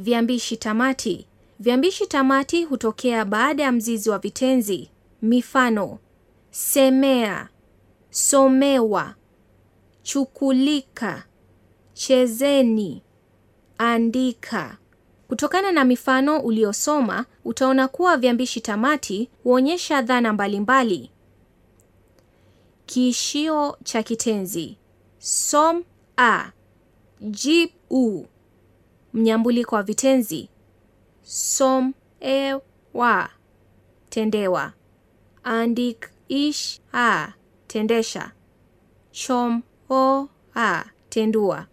Viambishi tamati. Viambishi tamati hutokea baada ya mzizi wa vitenzi. Mifano: semea, somewa, chukulika, chezeni, andika. Kutokana na mifano uliosoma, utaona kuwa viambishi tamati huonyesha dhana mbalimbali. Kiishio cha kitenzi som a jib Mnyambuliko wa vitenzi som e wa tendewa andik ish a tendesha chom o a tendua